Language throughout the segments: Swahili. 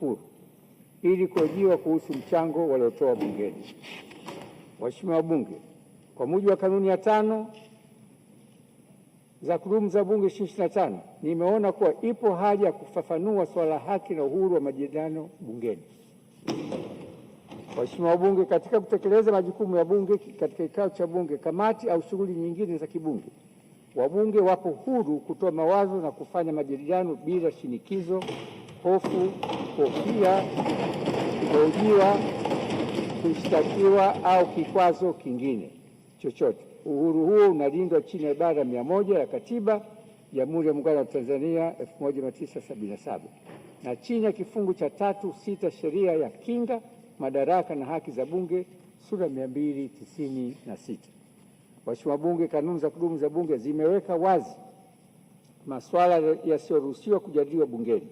kuwashukuru ili kuhojiwa kuhusu mchango waliotoa bungeni. Waheshimiwa wabunge, kwa mujibu wa kanuni ya tano za kudumu za Bunge 25 nimeona kuwa ipo haja ya kufafanua swala la haki na uhuru wa majadiliano bungeni. Waheshimiwa wabunge, katika kutekeleza majukumu ya bunge katika kikao cha bunge, kamati au shughuli nyingine za kibunge, wabunge wapo huru kutoa mawazo na kufanya majadiliano bila shinikizo hofu, kofia, kuhojiwa, kushtakiwa au kikwazo kingine chochote. Uhuru huo unalindwa chini ya ibara mia moja ya Katiba Jamhuri ya Muungano wa Tanzania 1977 na chini ya kifungu cha tatu sita sheria ya kinga, madaraka na haki za Bunge sura 296. Waheshimiwa Bunge, kanuni za kudumu za Bunge zimeweka wazi masuala yasiyoruhusiwa kujadiliwa bungeni.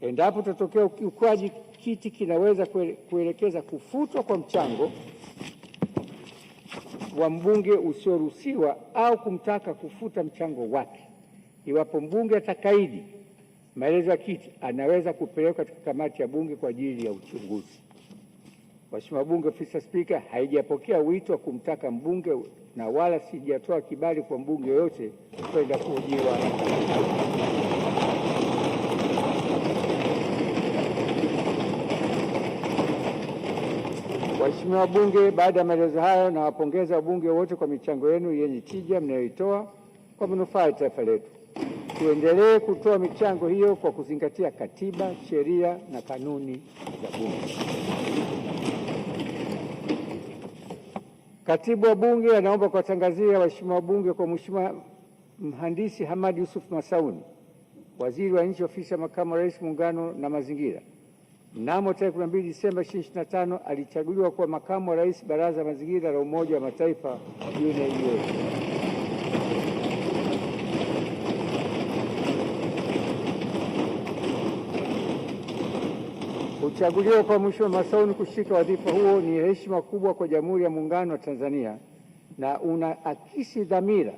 Endapo tutatokea ukiukwaji, kiti kinaweza kuelekeza kufutwa kwa mchango wa mbunge usioruhusiwa au kumtaka kufuta mchango wake. Iwapo mbunge atakaidi maelezo ya kiti, anaweza kupelekwa katika kamati ya bunge kwa ajili ya uchunguzi. Mheshimiwa Bunge, Ofisi ya Spika haijapokea wito wa kumtaka mbunge na wala sijatoa kibali kwa mbunge yoyote kwenda kuhojiwa. Waheshimiwa wabunge, baada ya maelezo hayo, nawapongeza wabunge wote kwa michango yenu yenye tija mnayoitoa kwa manufaa ya taifa letu. Tuendelee kutoa michango hiyo kwa kuzingatia katiba, sheria na kanuni za Bunge. Katibu wa Bunge anaomba kuwatangazia waheshimiwa wabunge kwa Mheshimiwa Mhandisi hamadi Yusuf Masauni, Waziri wa Nchi, Ofisi ya Makamu wa Rais, Muungano na Mazingira Mnamo tarehe 12 Disemba 2025 alichaguliwa kuwa makamu wa rais Baraza Mazingira la Umoja wa Mataifa UNEA. Kuchaguliwa kwa Mheshimiwa Masauni kushika wadhifa huo ni heshima kubwa kwa Jamhuri ya Muungano wa Tanzania na unaakisi dhamira,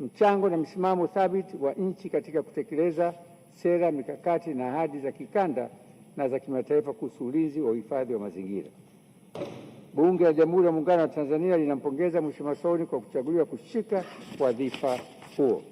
mchango na msimamo thabiti wa nchi katika kutekeleza sera, mikakati na ahadi za kikanda na za kimataifa kuhusu ulinzi wa uhifadhi wa mazingira. Bunge la Jamhuri ya Muungano wa Tanzania linampongeza Mheshimiwa Souni kwa kuchaguliwa kushika wadhifa huo.